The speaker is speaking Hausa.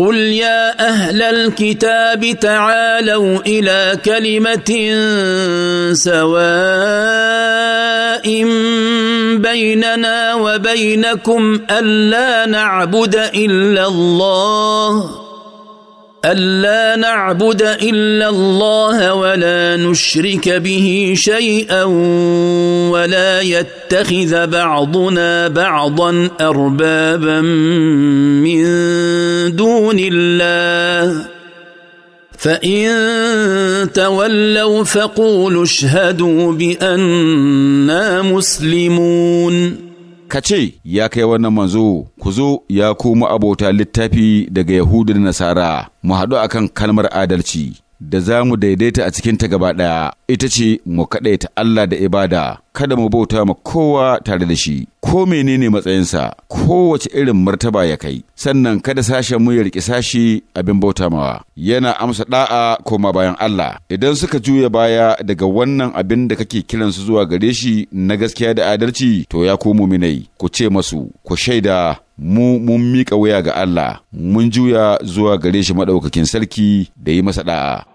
قل يا اهل الكتاب تعالوا الى كلمه سواء بيننا وبينكم الا نعبد الا الله الا نعبد الا الله ولا نشرك به شيئا ولا يتخذ بعضنا بعضا اربابا من دون الله فان تولوا فقولوا اشهدوا بانا مسلمون ka Ya kai wannan manzo, ku zo ya kuma abota littafi daga Yahudu da Nasara, mu haɗu akan kalmar adalci. da za mu daidaita a cikinta gaba ɗaya ita ce mu kaɗaita Allah da ibada kada mu bauta ma kowa tare da shi ko menene matsayinsa kowace irin martaba ya kai sannan kada sashen mu ya riƙi sashi abin bauta mawa yana amsa ɗa'a, koma bayan Allah idan suka juya baya daga wannan abin da kake kiransu zuwa gare shi na gaskiya da adalci to ya komo muminai ku ce masu ku shaida mu mun miƙa waya ga Allah mun juya zuwa gare shi maɗaukakin sarki da yi masa ɗa'a.